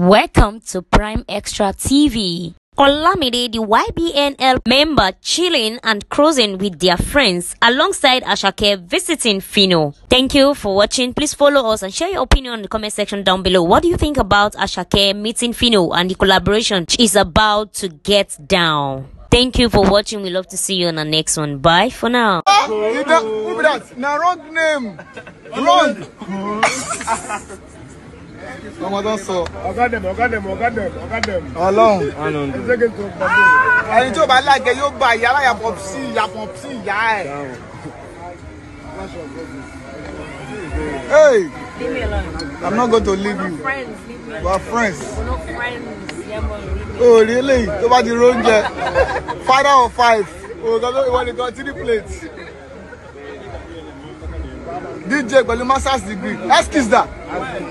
Welcome to Prime Extra TV. Olamide, the YBNL member, chilling and cruising with their friends alongside Ashake visiting Fino. Thank you for watching. Please follow us and share your opinion in the comment section down below. What do you think about Ashake meeting Fino and the collaboration is about to get down? Thank you for watching. We love to see you on the next one. Bye for now. Now wrong name. Wrong. ọmọ sọ. ọlọ́run ẹni tó bá lágẹ̀ yóò gba ìyá aláyàpọ̀ sí ìyàpọ̀ sí ìyá ẹ̀. Hey, I'm not going to leave you. We are friends. Oh, really? Nobody bá ti Five out of five. Oh, you want to go to the plates. DJ but pẹ̀lú masters degree. is that.